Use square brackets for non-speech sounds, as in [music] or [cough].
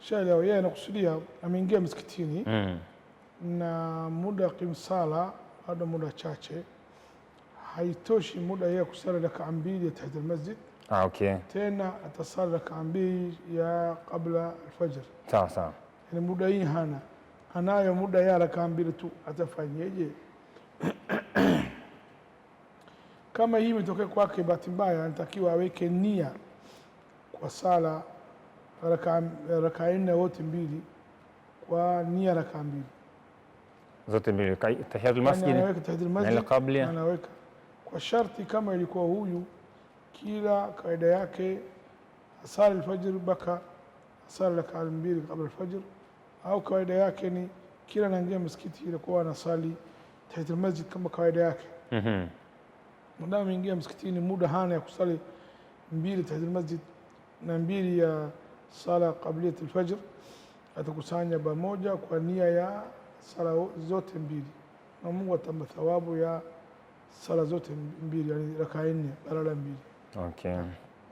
Shaelewa yeye anakusudia ameingia msikitini mm. na muda wa kimsala bado muda chache, haitoshi muda yeye kusali rakaa mbili ya tahta masjid Ah, okay. Tena atasali rakaa mbili ya kabla alfajr. Sawa sawa, yani muda hii hana anayo muda ya rakaa mbili tu, atafanyeje? [clears throat] kama hii imetokea kwake bahati mbaya, anatakiwa aweke nia kwa sala raka, raka nne wote mbili kwa nia raka mbili zote mbili, tahiyatul masjid na qabla anaweka kwa sharti kama ilikuwa huyu kila kaida yake asali alfajr baka asali raka mbili kabla alfajr, au kawaida yake ni kila anaingia msikiti ilikuwa anasali tahiyatul masjid kama kawaida yake mhm mwanadamu Ingia msikitini muda hana ya kusali mbili tahiyatul masjid na mbili ya sala ya qabliyat alfajr atakusanya pamoja kwa nia ya sala zote mbili, na Mungu atampa thawabu ya sala zote mbili, yani rakaa nne badala mbili. Okay.